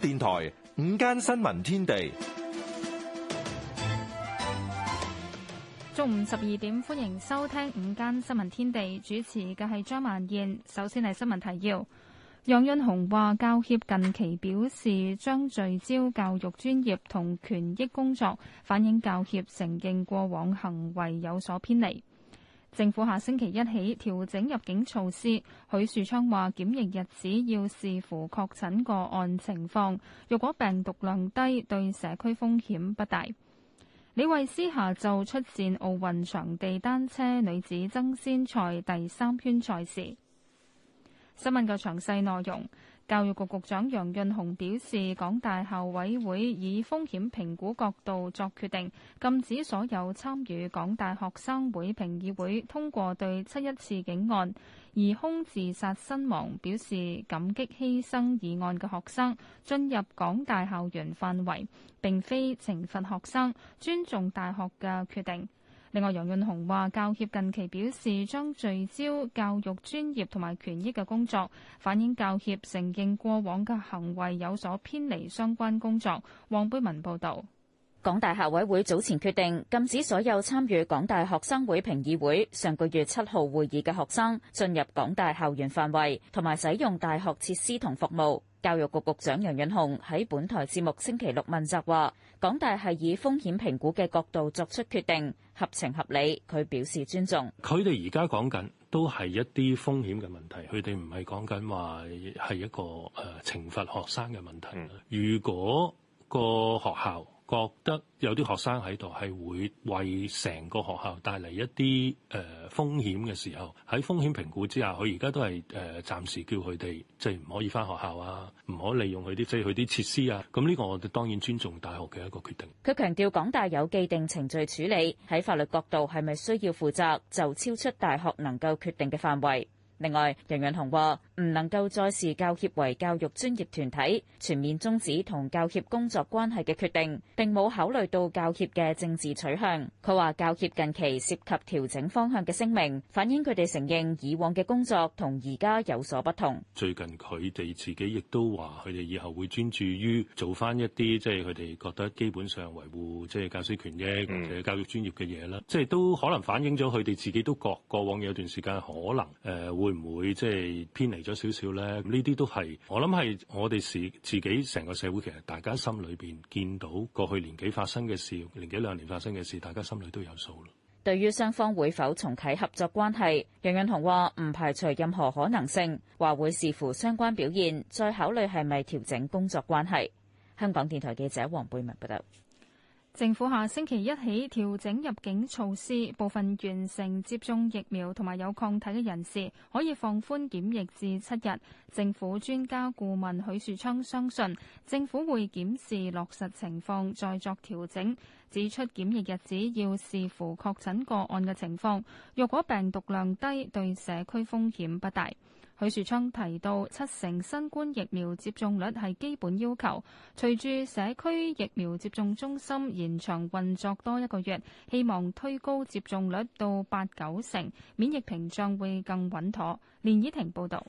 電台午間新聞天地，中午十二點，歡迎收聽午間新聞天地。主持嘅係張曼燕。首先係新聞提要：楊潤雄話，教協近期表示將聚焦教育專業同權益工作，反映教協承認過往行為有所偏離。政府下星期一起調整入境措施，許樹昌話檢疫日子要視乎確診個案情況，若果病毒量低，對社區風險不大。李慧詩下晝出戰奧運場地單車女子爭先賽第三圈賽事。新聞嘅詳細內容。教育局局長楊潤雄表示，港大校委會以風險評估角度作決定，禁止所有參與港大學生會評議會通過對七一刺警案疑兇自殺身亡表示感激犧牲議案嘅學生進入港大校園範圍，並非懲罰學生，尊重大學嘅決定。另外，楊潤雄話，教協近期表示將聚焦教育專業同埋權益嘅工作，反映教協承認過往嘅行為有所偏離相關工作。黃貝文報道，港大校委會早前決定禁止所有參與港大學生會評議會上個月七號會議嘅學生進入港大校園範圍同埋使用大學設施同服務。教育局局長楊潤雄喺本台節目星期六問責話，港大係以風險評估嘅角度作出決定，合情合理，佢表示尊重。佢哋而家講緊都係一啲風險嘅問題，佢哋唔係講緊話係一個誒懲罰學生嘅問題。如果個學校，覺得有啲學生喺度係會為成個學校帶嚟一啲誒、呃、風險嘅時候，喺風險評估之下，佢而家都係誒、呃、暫時叫佢哋即係唔可以返學校啊，唔可利用佢啲即係佢啲設施啊。咁呢個我哋當然尊重大學嘅一個決定。佢強調港大有既定程序處理，喺法律角度係咪需要負責，就超出大學能夠決定嘅範圍。另外，楊潤，潤雄話：唔能夠再視教協為教育專業團體，全面終止同教協工作關係嘅決定，並冇考慮到教協嘅政治取向。佢話：教協近期涉及調整方向嘅聲明，反映佢哋承認以往嘅工作同而家有所不同。最近佢哋自己亦都話，佢哋以後會專注於做返一啲即係佢哋覺得基本上維護即係、就是、教師權嘅或者教育專業嘅嘢啦。即係、嗯、都可能反映咗佢哋自己都覺得過往有段時間可能誒、呃、會。會唔會即係、就是、偏離咗少少咧？呢啲都係，我諗係我哋是自己成個社會，其實大家心裏邊見到過去年幾發生嘅事，年幾兩年發生嘅事，大家心裏都有數咯。對於雙方會否重啟合作關係，楊潤雄話唔排除任何可能性，話會視乎相關表現再考慮係咪調整工作關係。香港電台記者黃貝文報道。政府下星期一起調整入境措施，部分完成接種疫苗同埋有抗體嘅人士可以放寬檢疫至七日。政府專家顧問許樹昌相信政府會檢視落實情況再作調整，指出檢疫日子要視乎確診個案嘅情況，若果病毒量低，對社區風險不大。許樹昌提到，七成新冠疫苗接種率係基本要求。隨住社區疫苗接種中心延長運作多一個月，希望推高接種率到八九成，免疫屏障會更穩妥。連倚婷報導。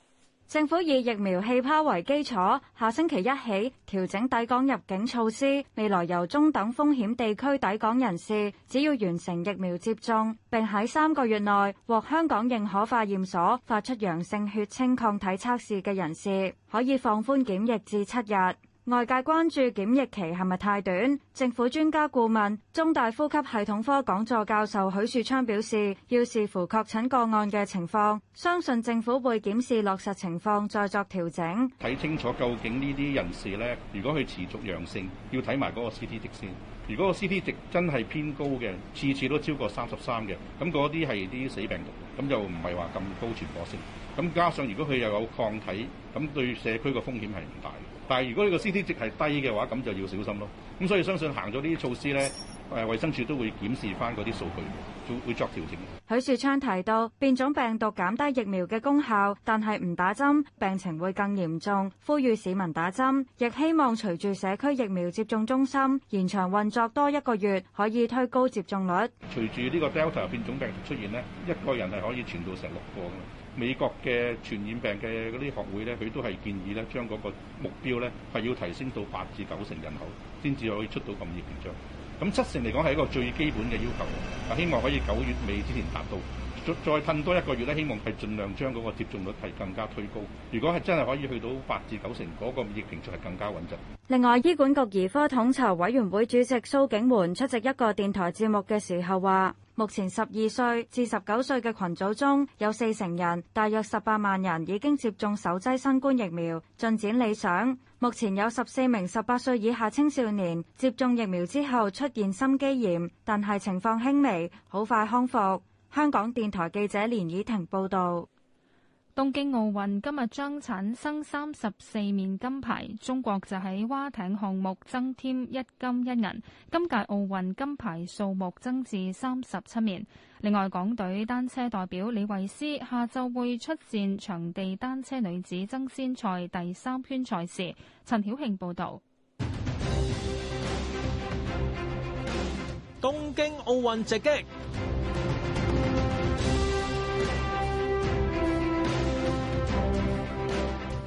政府以疫苗氣泡為基礎，下星期一起調整抵港入境措施。未來由中等風險地區抵港人士，只要完成疫苗接種，並喺三個月內獲香港認可化驗所發出陽性血清抗體測試嘅人士，可以放寬檢疫至七日。外界關注檢疫期係咪太短？政府專家顧問、中大呼吸系統科講座教授許樹昌表示，要視乎確診個案嘅情況，相信政府會檢視落實情況再作調整。睇清楚究竟呢啲人士呢，如果佢持續陽性，要睇埋嗰個 CT 值先。如果個 CT 值真係偏高嘅，次次都超過三十三嘅，咁嗰啲係啲死病毒，咁就唔係話咁高傳播性。咁加上如果佢又有抗體，咁對社區個風險係唔大的。但係如果呢個 C T 值係低嘅話，咁就要小心咯。咁所以相信行咗呢啲措施咧，誒，衛生署都會檢視翻嗰啲數據，會作調整。許樹昌提到變種病毒減低疫苗嘅功效，但係唔打針病情會更嚴重，呼籲市民打針，亦希望隨住社區疫苗接種中心延長運作多一個月，可以推高接種率。隨住呢個 Delta 變種病毒出現咧，一個人係可以傳到成六個。美國嘅傳染病嘅嗰啲學會咧，佢都係建議咧，將嗰個目標咧係要提升到八至九成人口，先至可以出到咁熱屏障，咁七成嚟講係一個最基本嘅要求，希望可以九月尾之前達到，再褪多一個月咧，希望係盡量將嗰個接種率係更加推高。如果係真係可以去到八至九成，嗰、嗰個熱屏障就係更加穩陣。另外，醫管局兒科統籌委員會主席蘇景桓出席一個電台節目嘅時候話。目前十二歲至十九歲嘅群組中有四成人，大約十八萬人已經接種首劑新冠疫苗，進展理想。目前有十四名十八歲以下青少年接種疫苗之後出現心肌炎，但係情況輕微，好快康復。香港電台記者連以婷報導。東京奧運今日將產生三十四面金牌，中國就喺劃艇項目增添一金一銀，今屆奧運金牌數目增至三十七面。另外，港隊單車代表李慧詩下晝會出戰場地單車女子爭先賽第三圈賽事。陳曉慶報道。東京奧運直擊。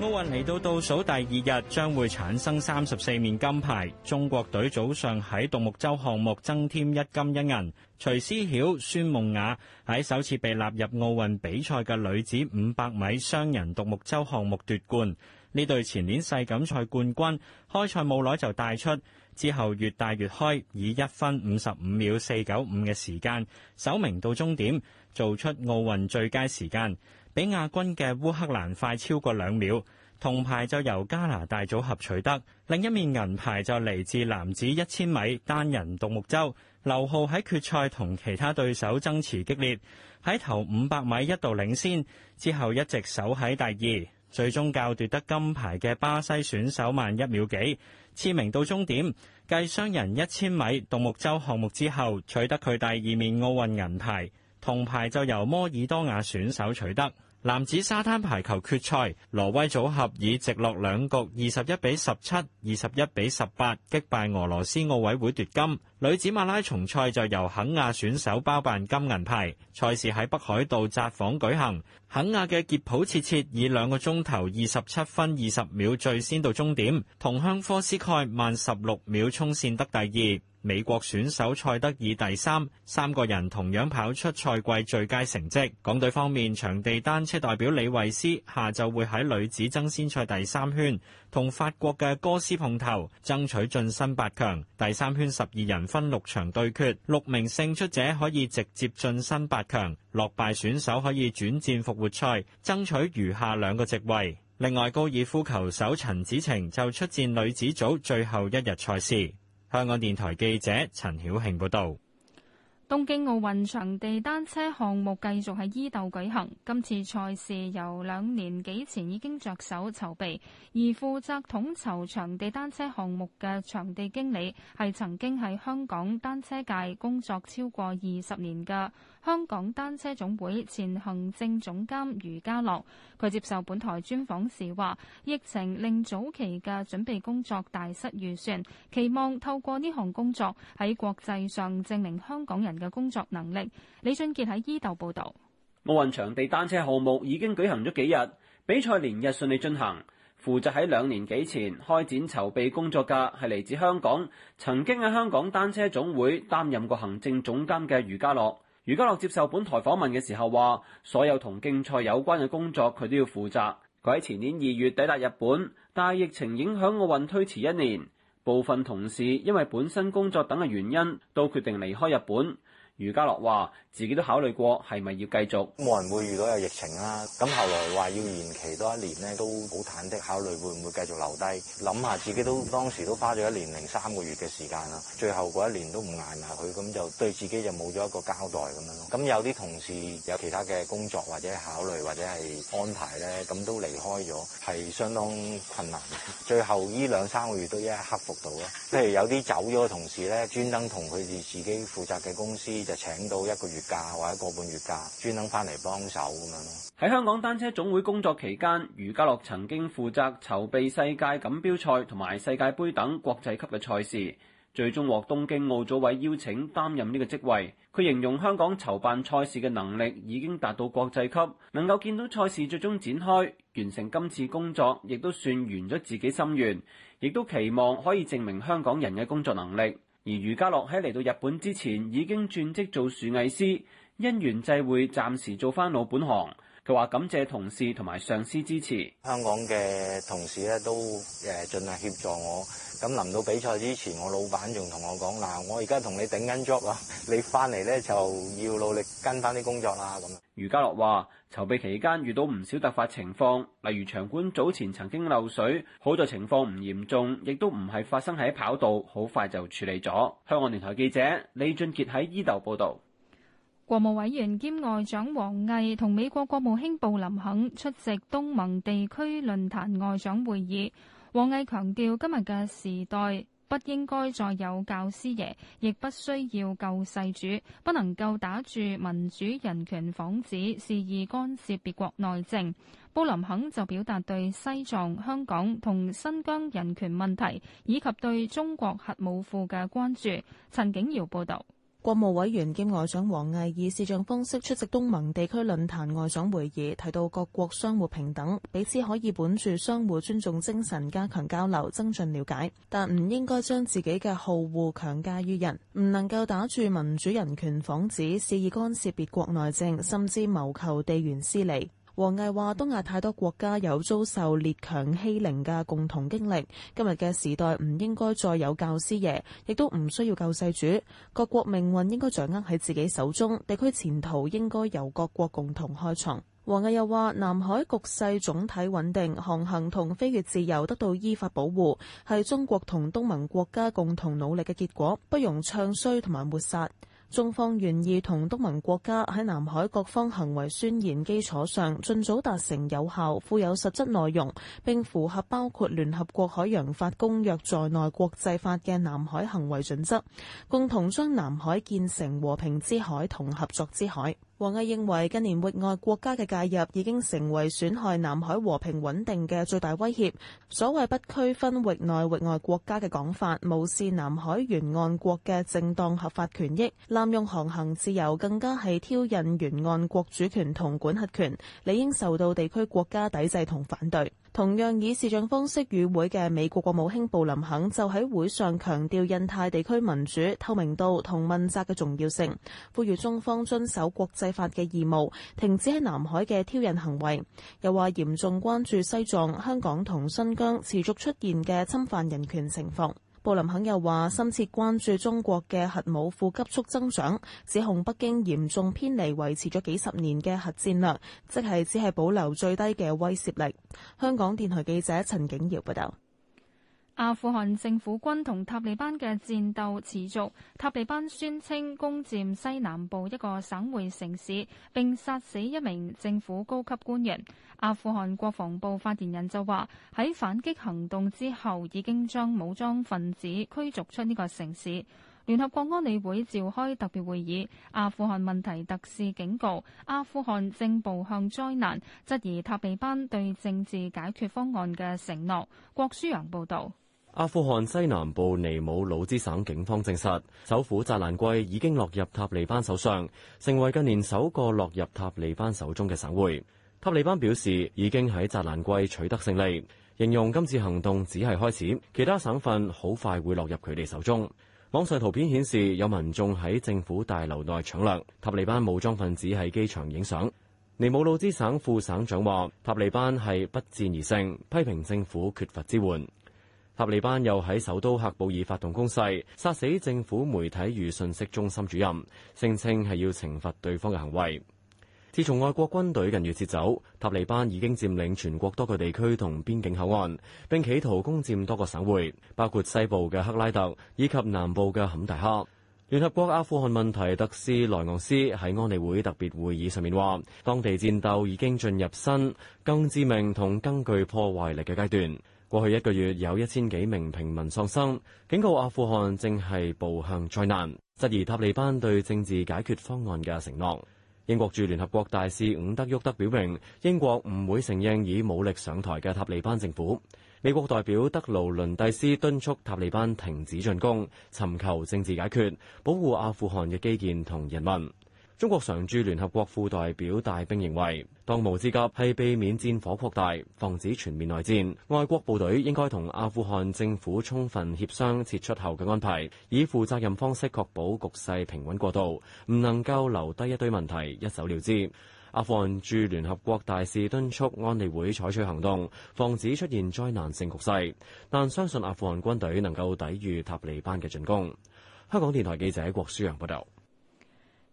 奧運嚟到倒數第二日，將會產生三十四面金牌。中國隊早上喺獨木舟項目增添一金一銀。徐詩曉、孫夢雅喺首次被納入奧運比賽嘅女子五百米雙人獨木舟項目奪冠。呢隊前年世錦賽冠軍，開賽冇耐就帶出，之後越帶越開，以一分五十五秒四九五嘅時間，首名到終點，做出奧運最佳時間。比亞軍嘅烏克蘭快超過兩秒，銅牌就由加拿大組合取得。另一面銀牌就嚟自男子一千米單人獨木舟，劉浩喺決賽同其他對手爭持激烈，喺頭五百米一度領先，之後一直守喺第二，最終較奪得金牌嘅巴西選手慢一秒幾，次名到終點，繼雙人一千米獨木舟項目之後，取得佢第二面奧運銀牌。銅牌就由摩爾多瓦選手取得。男子沙灘排球決賽，挪威組合以直落兩局二十一比十七、二十一比十八擊敗俄羅斯奧委會奪金。女子馬拉松賽就由肯亞選手包辦金銀牌。賽事喺北海道札幌舉行，肯亞嘅傑普切切以兩個鐘頭二十七分二十秒最先到終點，同鄉科斯蓋慢十六秒衝線得第二。美國選手賽德爾第三，三個人同樣跑出賽季最佳成績。港隊方面，場地單車代表李慧詩下晝會喺女子爭先賽第三圈同法國嘅哥斯碰頭，爭取晉身八強。第三圈十二人分六場對決，六名勝出者可以直接晉身八強，落敗選手可以轉戰復活賽，爭取餘下兩個席位。另外，高爾夫球手陳芷澄就出戰女子組最後一日賽事。香港電台記者陳曉慶報道。東京奧運場地單車項目繼續喺伊豆舉行，今次賽事由兩年幾前已經着手籌備，而負責統籌場地單車項目嘅場地經理係曾經喺香港單車界工作超過二十年嘅香港單車總會前行政總監余家樂。佢接受本台專訪時話，疫情令早期嘅準備工作大失預算，期望透過呢項工作喺國際上證明香港人。有工作能力，李俊杰喺伊豆報道。奧運場地單車項目已經舉行咗幾日，比賽連日順利進行。負責喺兩年幾前開展籌備工作嘅係嚟自香港，曾經喺香港單車總會擔任過行政總監嘅余家樂。余家樂接受本台訪問嘅時候話：所有同競賽有關嘅工作佢都要負責。佢喺前年二月抵達日本，但係疫情影響奧運推遲一年，部分同事因為本身工作等嘅原因都決定離開日本。余家樂話：自己都考慮過，係咪要繼續？冇人會遇到有疫情啦、啊。咁後來話要延期多一年咧，都好忐忑，考慮會唔會繼續留低。諗下自己都當時都花咗一年零三個月嘅時間啦，最後嗰一年都唔捱埋佢，咁就對自己就冇咗一個交代咁樣。咁有啲同事有其他嘅工作或者考慮或者係安排咧，咁都離開咗，係相當困難。最後呢兩三個月都一一克服到咯。譬如有啲走咗嘅同事咧，專登同佢哋自己負責嘅公司，就請到一個月假或者個半月假，專登翻嚟幫手咁樣咯。喺香港單車總會工作期間，余家樂曾經負責籌備世界錦標賽同埋世界杯等國際級嘅賽事，最終獲東京奧組委邀請擔任呢個職位。佢形容香港籌辦賽事嘅能力已經達到國際級，能夠見到賽事最終展開，完成今次工作，亦都算完咗自己心願，亦都期望可以證明香港人嘅工作能力。而余家樂喺嚟到日本之前已經轉職做樹藝師，因緣際會暫時做翻老本行。佢話感謝同事同埋上司支持，香港嘅同事咧都誒盡量協助我。咁臨到比賽之前，我老闆仲同我講嗱：我而家同你頂緊 job 啊，你翻嚟咧就要努力跟翻啲工作啦。咁余家樂話籌備期間遇到唔少突發情況，例如場館早前曾經漏水，好在情況唔嚴重，亦都唔係發生喺跑道，好快就處理咗。香港電台記者李俊傑喺伊豆報道。國務委員兼外長王毅同美國國務卿布林肯出席東盟地區論壇外長會議。王毅強調，今日嘅時代不應該再有教師爺，亦不需要救世主，不能夠打住民主人權幌子，肆意干涉別國內政。布林肯就表達對西藏、香港同新疆人權問題，以及對中國核武庫嘅關注。陳景堯報道。國務委員兼外長王毅以視像方式出席東盟地區論壇外長會議，提到各國相互平等，彼此可以本住相互尊重精神加強交流，增進了解，但唔應該將自己嘅好惡強加於人，唔能夠打住民主人權幌子，肆意干涉別國內政，甚至謀求地緣私利。王毅話：東亞太多國家有遭受列強欺凌嘅共同經歷，今日嘅時代唔應該再有教師爺，亦都唔需要救世主。各國命運應該掌握喺自己手中，地區前途應該由各國共同開創。王毅又話：南海局勢總體穩定，航行同飛越自由得到依法保護，係中國同東盟國家共同努力嘅結果，不容唱衰同埋抹殺。中方願意同東盟國家喺南海各方行為宣言基礎上，盡早達成有效、富有實質內容並符合包括聯合國海洋法公約在內國際法嘅南海行為準則，共同將南海建成和平之海同合作之海。王毅認為，近年域外國家嘅介入已經成為損害南海和平穩定嘅最大威脅。所謂不區分域內域外國家嘅講法，無視南海沿岸國嘅正當合法權益，濫用航行自由，更加係挑釁沿岸國主權同管轄權，理應受到地區國家抵制同反對。同樣以視像方式與會嘅美國國務卿布林肯就喺會上強調印太地區民主、透明度同問責嘅重要性，呼籲中方遵守國際法嘅義務，停止喺南海嘅挑釁行為，又話嚴重關注西藏、香港同新疆持續出現嘅侵犯人權情況。布林肯又話深切關注中國嘅核武庫急速增長，指控北京嚴重偏離維持咗幾十年嘅核戰略，即係只係保留最低嘅威懾力。香港電台記者陳景堯報道。阿富汗政府軍同塔利班嘅戰鬥持續。塔利班宣稱攻佔西南部一個省會城市，並殺死一名政府高級官員。阿富汗國防部發言人就話：喺反擊行動之後，已經將武裝分子驅逐出呢個城市。聯合國安理會召開特別會議，阿富汗問題特使警告阿富汗正步向災難，質疑塔利班對政治解決方案嘅承諾。郭舒陽報導。阿富汗西南部尼姆魯茲省警方證實，首府扎蘭季已經落入塔利班手上，成為近年首個落入塔利班手中嘅省會。塔利班表示已經喺扎蘭季取得勝利，形容今次行動只係開始，其他省份好快會落入佢哋手中。網上圖片顯示有民眾喺政府大樓內搶掠，塔利班武裝分子喺機場影相。尼姆魯茲省副省長話：塔利班係不戰而勝，批評政府缺乏支援。塔利班又喺首都喀布爾發動攻勢，殺死政府媒體與信息中心主任，聲稱係要懲罰對方嘅行為。自從外國軍隊近月撤走，塔利班已經佔領全國多個地區同邊境口岸，並企圖攻占多個省會，包括西部嘅克拉特以及南部嘅坎大哈。聯合國阿富汗問題特使萊昂斯喺安理會特別會議上面話，當地戰鬥已經進入新更致命同更具破壞力嘅階段。過去一個月有一千幾名平民喪生，警告阿富汗正係步向災難，質疑塔利班對政治解決方案嘅承諾。英國駐聯合國大使伍德沃德表明，英國唔會承認以武力上台嘅塔利班政府。美國代表德勞倫蒂斯敦促塔利班停止進攻，尋求政治解決，保護阿富汗嘅基建同人民。中國常駐聯合國副代表大兵認為，當務之急係避免戰火擴大，防止全面內戰。外國部隊應該同阿富汗政府充分協商撤出後嘅安排，以負責任方式確保局勢平穩過渡，唔能夠留低一堆問題，一走了之。阿富汗駐聯合國大使敦促安理會採取行動，防止出現災難性局勢，但相信阿富汗軍隊能夠抵禦塔利班嘅進攻。香港電台記者郭舒陽報道。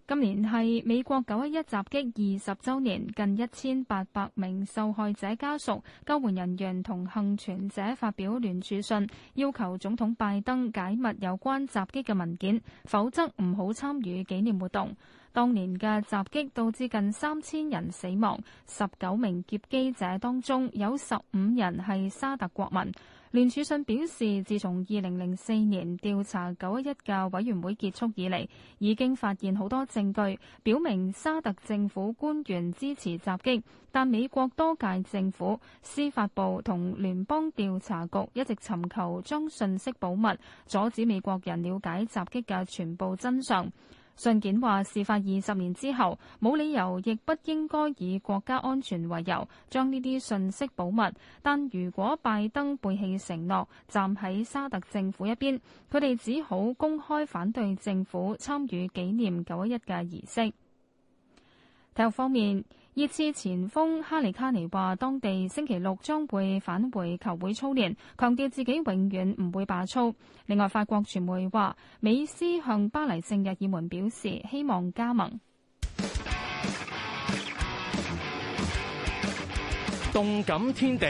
今年係美國九一一襲擊二十週年，近一千八百名受害者家屬、救援人員同幸存者發表聯署信，要求總統拜登解密有關襲擊嘅文件，否則唔好參與紀念活動。當年嘅襲擊導致近三千人死亡，十九名劫機者當中有十五人係沙特國民。聯署信表示，自從2004年調查911嘅委員會結束以嚟，已經發現好多證據，表明沙特政府官員支持襲擊，但美國多屆政府、司法部同聯邦調查局一直尋求將信息保密，阻止美國人了解襲擊嘅全部真相。信件話：事發二十年之後，冇理由亦不應該以國家安全為由將呢啲信息保密。但如果拜登背棄承諾，站喺沙特政府一邊，佢哋只好公開反對政府參與紀念九一一嘅儀式。體育方面，熱刺前鋒哈里卡尼話，當地星期六將會返回球會操練，強調自己永遠唔會罷操。另外，法國傳媒話，美斯向巴黎聖日耳門表示希望加盟。動感天地，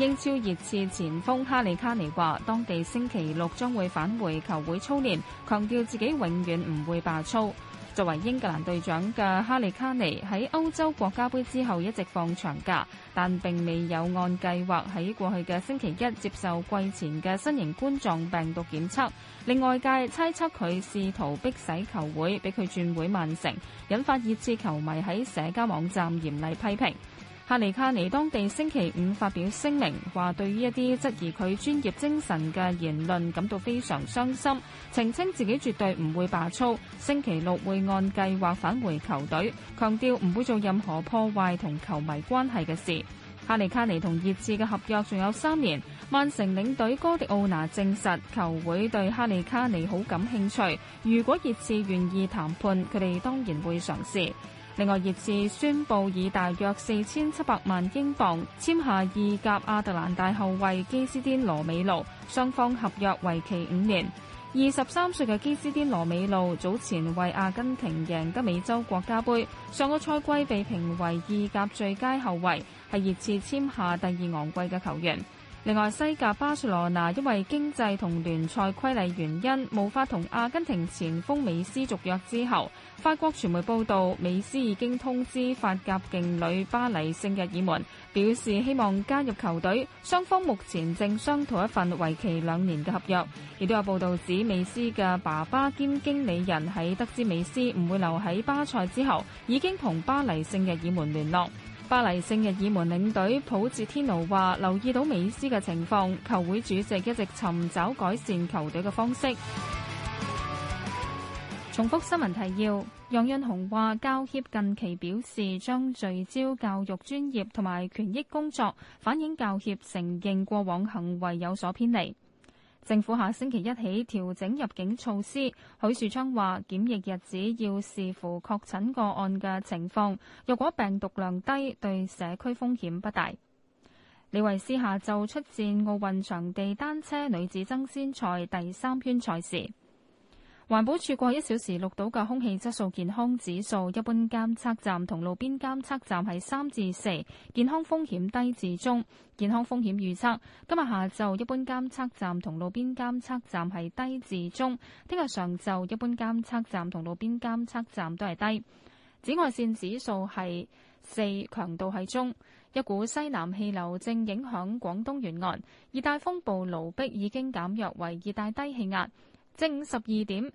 英超熱刺前鋒哈里卡尼話，當地星期六將會返回球會操練，強調自己永遠唔會罷操。作為英格蘭隊長嘅哈利卡尼喺歐洲國家杯之後一直放長假，但並未有按計劃喺過去嘅星期一接受季前嘅新型冠狀病毒檢測，令外界猜測佢試圖逼使球會俾佢轉會曼城，引發熱刺球迷喺社交網站嚴厲批評。哈利卡尼當地星期五發表聲明，話對於一啲質疑佢專業精神嘅言論感到非常傷心，澄清自己絕對唔會罷操，星期六會按計劃返回球隊，強調唔會做任何破壞同球迷關係嘅事。哈利卡尼同熱刺嘅合約仲有三年，曼城領隊哥迪奧拿證實球會對哈利卡尼好感興趣，如果熱刺願意談判，佢哋當然會嘗試。另外，熱刺宣布以大約四千七百萬英鎊簽下意甲亞特蘭大後衛基斯甸羅美路，雙方合約為期五年。二十三歲嘅基斯甸羅美路早前為阿根廷贏得美洲國家盃，上個賽季被評為意甲最佳後衛，係熱刺簽下第二昂貴嘅球員。另外，西甲巴塞羅那因為經濟同聯賽規例原因，無法同阿根廷前鋒美斯續約之後，法國傳媒報道，美斯已經通知法甲勁旅巴黎聖日爾門，表示希望加入球隊。雙方目前正商討一份為期兩年嘅合約。亦都有報道指，美斯嘅爸爸兼經理人喺得知美斯唔會留喺巴塞之後，已經同巴黎聖日爾門聯絡。巴黎聖日耳門領隊普捷天奴話：留意到美斯嘅情況，球會主席一直尋找改善球隊嘅方式。重複新聞提要：楊潤雄話，教協近期表示將聚焦教育專業同埋權益工作，反映教協承認過往行為有所偏離。政府下星期一起調整入境措施，許樹昌話檢疫日子要視乎確診個案嘅情況，若果病毒量低，對社區風險不大。李慧詩下晝出戰奧運場地單車女子爭先賽第三圈賽事。環保處過一小時錄到嘅空氣質素健康指數，一般監測站同路邊監測站係三至四，健康風險低至中。健康風險預測今日下晝一般監測站同路邊監測站係低至中，聽日上晝一般監測站同路邊監測站都係低。紫外線指數係四，強度係中。一股西南氣流正影響廣東沿岸，熱帶風暴盧碧已經減弱為熱帶低氣壓。正午十二點，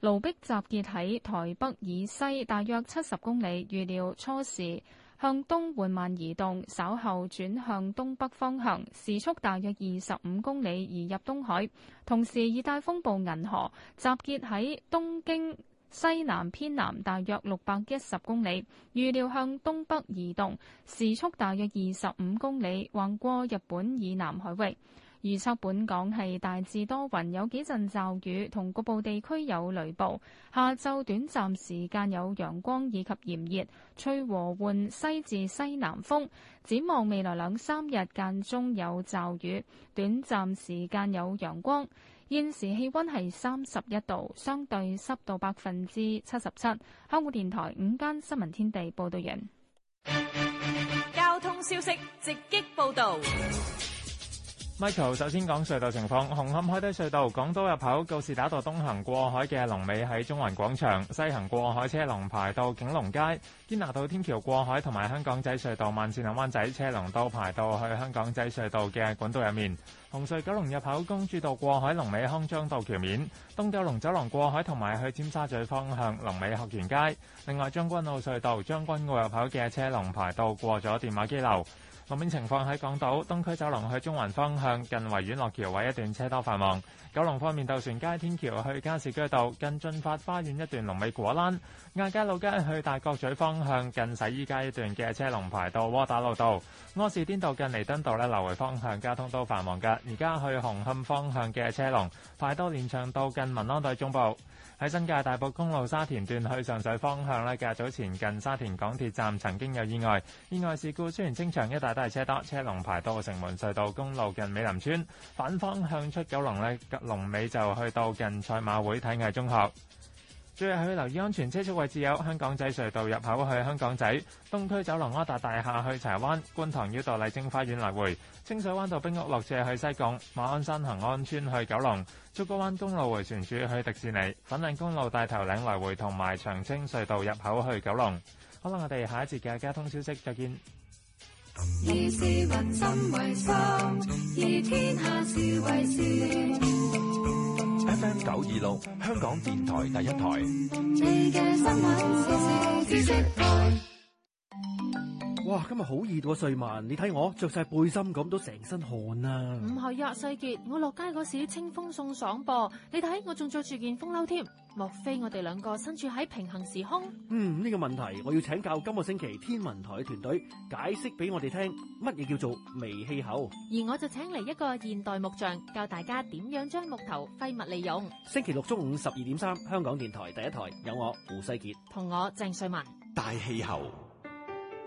盧碧集結喺台北以西大約七十公里，預料初時向東緩慢移動，稍後轉向東北方向，時速大約二十五公里移入東海。同時，熱帶風暴銀河集結喺東京西南偏南大約六百一十公里，預料向東北移動，時速大約二十五公里橫過日本以南海域。預測本港係大致多雲，有幾陣驟雨，同局部地區有雷暴。下晝短暫時間有陽光以及炎熱，吹和緩西至西南風。展望未來兩三日間中有驟雨，短暫時間有陽光。現時氣温係三十一度，相對濕度百分之七十七。香港電台午間新聞天地報道員。交通消息直擊報道。Michael 首先講隧道情況，紅磡海底隧道港島入口告士打道東行過海嘅龍尾喺中環廣場，西行過海車龍排到景隆街，堅拿道天橋過海同埋香港仔隧道慢線南灣仔車龍都排到去香港仔隧道嘅管道入面。紅隧九龍入口公主道過海龍尾康莊道橋面，東九龍走廊過海同埋去尖沙咀方向龍尾鶴園街。另外，將軍澳隧道將軍澳入口嘅車龍排到過咗電話機樓。路面情況喺港島東區走廊去中環方向，近維園落橋位一段車多繁忙。九龍方面，渡船街天橋去加士居道近駿發花園一段龍尾果欄，亞皆老街去大角咀方向近洗衣街一段嘅車龍排到窩打老道。柯士甸道近彌敦道咧，來回方向交通都繁忙㗎。而家去紅磡方向嘅車龍，快多連翔道近民安隊中部。喺新界大埔公路沙田段去上水方向咧，較早前近沙田港鐵站曾經有意外，意外事故雖然清場，一帶都係車多，車龍排到個城門隧道公路近美林村反方向出九龍咧，龍尾就去到近賽馬會體藝中學。最後，去要留意安全車速位置，有香港仔隧道入口去香港仔、東區走廊柯達大廈去柴灣、觀塘繞道麗晶花園來回、清水灣道冰屋落斜去西貢、馬鞍山恒安邨去九龍、竹篙灣公路回旋處去迪士尼、粉嶺公路大頭嶺來回同埋長青隧道入口去九龍。好啦，我哋下一節嘅交通消息，再見。以 FM 九二六，香港電台第一台。哇，今日好熱喎，瑞文，你睇我着晒背心咁都成身汗啊。唔係啊，世杰，我落街嗰時清風送爽噃，你睇我仲着住件風褸添。莫非我哋兩個身處喺平行時空？嗯，呢個問題我要請教今個星期天文台團隊解釋俾我哋聽，乜嘢叫做微氣候？而我就請嚟一個現代木匠教大家點樣將木頭廢物利用。星期六中午十二點三，香港電台第一台有我胡世杰同我鄭瑞文大氣候。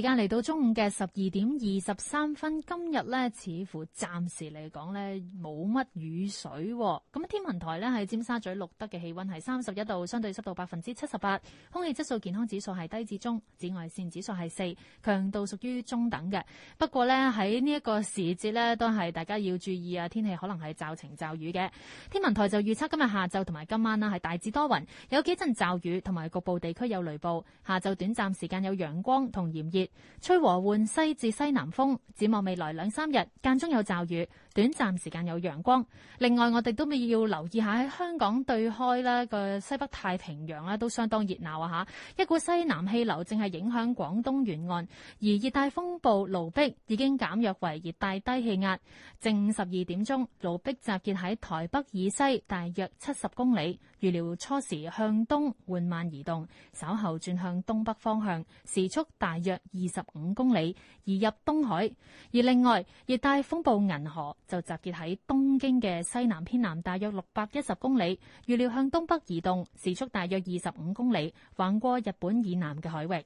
時間嚟到中午嘅十二點二十三分，今日呢似乎暫時嚟講呢冇乜雨水，啊。咁天文台呢係尖沙咀錄得嘅氣溫係三十一度，相對濕度百分之七十八，空氣質素健康指數係低至中，紫外線指數係四，強度屬於中等嘅。不過呢，喺呢一個時節呢，都係大家要注意啊，天氣可能係驟晴驟雨嘅。天文台就預測今日下晝同埋今晚呢係大致多雲，有幾陣驟雨同埋局部地區有雷暴。下晝短暫時間有陽光同炎熱。吹和緩西至西南風，展望未來兩三日間中有驟雨，短暫時間有陽光。另外，我哋都未要留意下喺香港對開呢個西北太平洋都相當熱鬧啊！吓，一股西南氣流正係影響廣東沿岸，而熱帶風暴盧碧已經減弱為熱帶低氣壓。正十二點鐘，盧碧集結喺台北以西大約七十公里。預料初時向東緩慢移動，稍後轉向東北方向，時速大約二十五公里，移入東海。而另外，熱帶風暴銀河就集結喺東京嘅西南偏南大約六百一十公里，預料向東北移動，時速大約二十五公里，橫過日本以南嘅海域。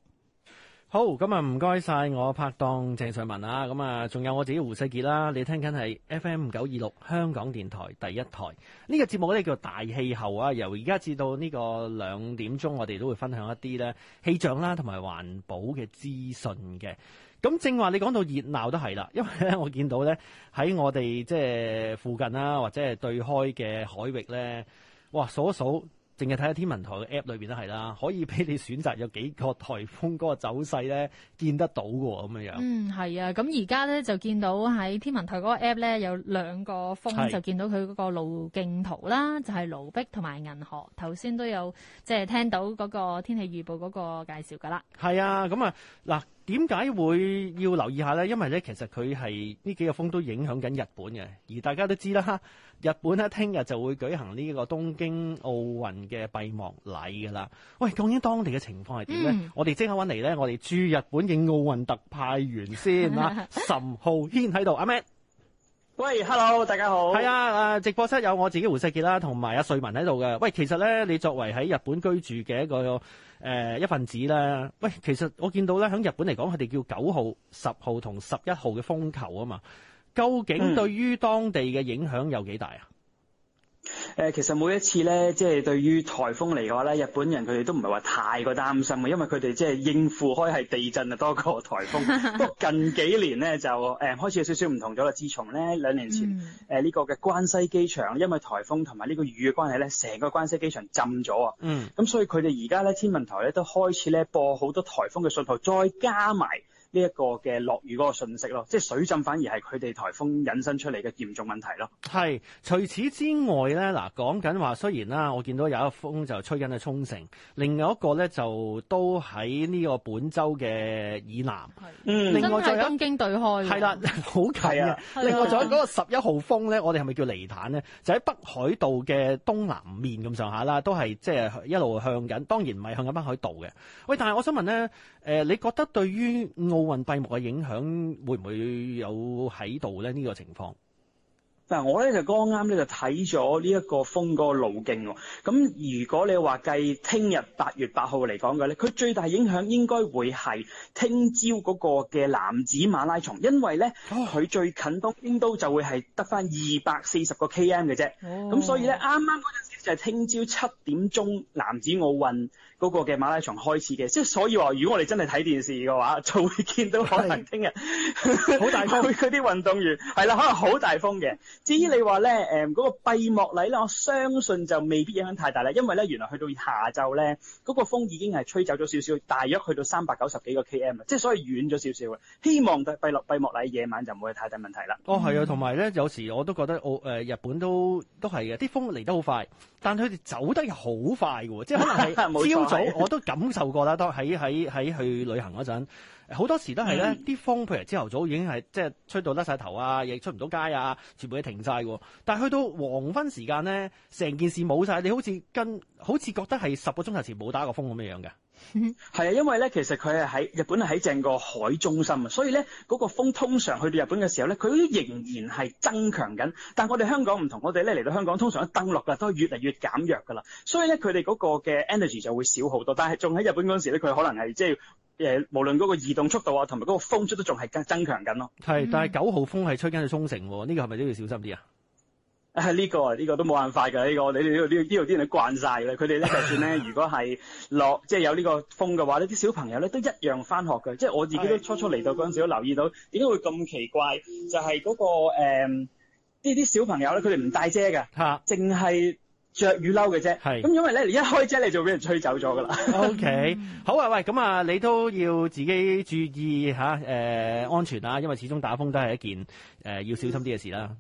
好，咁啊唔該晒我拍檔鄭瑞文啦，咁啊仲有我自己胡世傑啦，你聽緊係 F M 九二六香港電台第一台呢個節目咧，叫大氣候啊，由而家至到呢個兩點鐘，我哋都會分享一啲咧氣象啦同埋環保嘅資訊嘅。咁正話你講到熱鬧都係啦，因為咧我見到咧喺我哋即係附近啦或者係對開嘅海域咧，哇，數一數。淨係睇下天文台嘅 App 裏面都係啦，可以俾你選擇有幾個颱風嗰個走勢咧，見得到嘅喎，咁樣樣，嗯，係啊，咁而家咧就見到喺天文台嗰個 App 咧有兩個風，就見到佢嗰個路徑圖啦，就係盧碧同埋銀河。頭先都有即係聽到嗰個天氣預報嗰個介紹㗎啦。係啊，咁啊嗱。點解會要留意一下咧？因為咧，其實佢係呢幾個風都影響緊日本嘅。而大家都知啦，哈！日本咧聽日就會舉行呢個東京奧運嘅閉幕禮㗎啦。喂，究竟當地嘅情況係點咧？我哋即刻揾嚟咧，我哋駐日本嘅奧運特派員先啦、啊。岑浩軒喺度，阿咩？喂，hello，大家好。係啊，誒，直播室有我自己胡世杰啦，同埋阿瑞文喺度嘅。喂，其實咧，你作為喺日本居住嘅一個。誒、呃、一份子咧，喂，其實我見到咧，喺日本嚟講，佢哋叫九號、十號同十一號嘅風球啊嘛，究竟對於當地嘅影響有幾大啊？誒，其實每一次咧，即係對於台風嚟嘅話咧，日本人佢哋都唔係話太過擔心嘅，因為佢哋即係應付開係地震啊多過台風。不過 近幾年咧就誒開始有少少唔同咗啦。自從咧兩年前誒呢、嗯呃呢個嘅關西機場，因為台風同埋呢個雨嘅關係咧，成個關西機場浸咗啊。嗯。咁所以佢哋而家咧天文台咧都開始咧播好多台風嘅信號，再加埋。呢一個嘅落雨嗰個信息咯，即係水浸反而係佢哋颱風引申出嚟嘅嚴重問題咯。係，除此之外咧，嗱講緊話，雖然啦，我見到有一風就吹緊去沖繩，另外一個咧就都喺呢個本州嘅以南。嗯，另外就有東京對開。係啦，好近嘅。另外仲有嗰個十一號風咧，我哋係咪叫離坦咧？就喺北海道嘅東南面咁上下啦，都係即係一路向緊。當然唔係向緊北海道嘅。喂，但係我想問咧，誒，你覺得對於澳？奧運閉幕嘅影響會唔會有喺度咧？呢、呢個情況，嗱，我咧就剛啱咧就睇咗呢一個風個路徑喎。咁如果你話計聽日八月八號嚟講嘅咧，佢最大影響應該會係聽朝嗰個嘅男子馬拉松，因為咧佢最近東京都就會係得翻二百四十個 K M 嘅啫。咁、哦、所以咧，啱啱嗰陣時。就係聽朝七點鐘男子奧運嗰個嘅馬拉松開始嘅，即係所以話，如果我哋真係睇電視嘅話，就會見到可能聽日好大風嗰啲運動員係啦， 可能好大風嘅。至於你話咧，誒、那、嗰個閉幕禮咧，我相信就未必影響太大啦，因為咧原來去到下晝咧，嗰、那個風已經係吹走咗少少，大約去到三百九十幾個 km，即係所以遠咗少少，希望閉幕閉幕禮夜晚就唔會有太大問題啦。哦，係啊，同埋咧有時我都覺得、呃、日本都都係嘅，啲風嚟得好快。但佢哋走得又好快嘅喎，即係可能係朝早我都感受過啦，都喺喺喺去旅行嗰陣，好多時都係咧啲風譬如朝頭早已經係即係吹到甩晒頭啊，亦出唔到街啊，全部都停晒嘅。但係去到黃昏時間咧，成件事冇晒，你好似跟好似覺得係十個鐘頭前冇打過風咁樣樣嘅。係啊， 因為咧，其實佢係喺日本喺正個海中心，啊。所以咧嗰、嗰個風通常去到日本嘅時候咧，佢都仍然係增強緊。但係我哋香港唔同，我哋咧嚟到香港通常一登陸噶都係越嚟越減弱噶啦，所以咧佢哋嗰個嘅 energy 就會少好多。但係仲喺日本嗰陣時咧，佢可能係即係誒，無論嗰個移動速度啊，同埋嗰個風速都仲係增增強緊咯。係、嗯，但係九號風係吹緊去沖繩，呢、呢個係咪都要小心啲啊？啊呢、這個呢、這個都冇辦法㗎呢、這個，你哋呢度呢度啲人都慣晒啦。佢哋咧就算咧， 如果係落即係、就是、有呢個風嘅話呢啲小朋友咧都一樣翻學嘅。即、就、係、是、我自己都初初嚟到嗰陣時都留意到，點解會咁奇怪？就係、是、嗰、那個呢啲、嗯、小朋友咧，佢哋唔帶遮嘅，淨係、啊、着雨褸嘅啫。係咁是，因為咧你一開遮你就俾人吹走咗㗎啦。O Okay , K，、嗯、好啊喂，咁啊你都要自己注意吓誒、啊呃、安全啊，因為始終打風都係一件誒、呃、要小心啲嘅事啦、啊。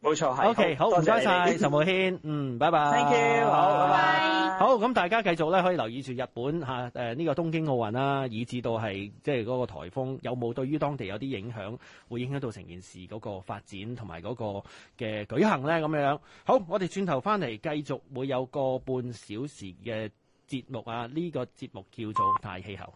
冇錯，係 OK，好唔該晒，陳浩軒，嗯，拜拜，Thank you，好，拜拜，Thank you，好咁，bye bye 好咁大家繼續咧，可以留意住日本嚇誒呢個東京奧運啦，以至到係即係嗰個颱風有冇對於當地有啲影響，會影響到成件事嗰個發展同埋嗰個嘅舉行咧咁樣。好，我哋轉頭翻嚟繼續會有個半小時嘅節目啊。呢個節目叫做大氣候。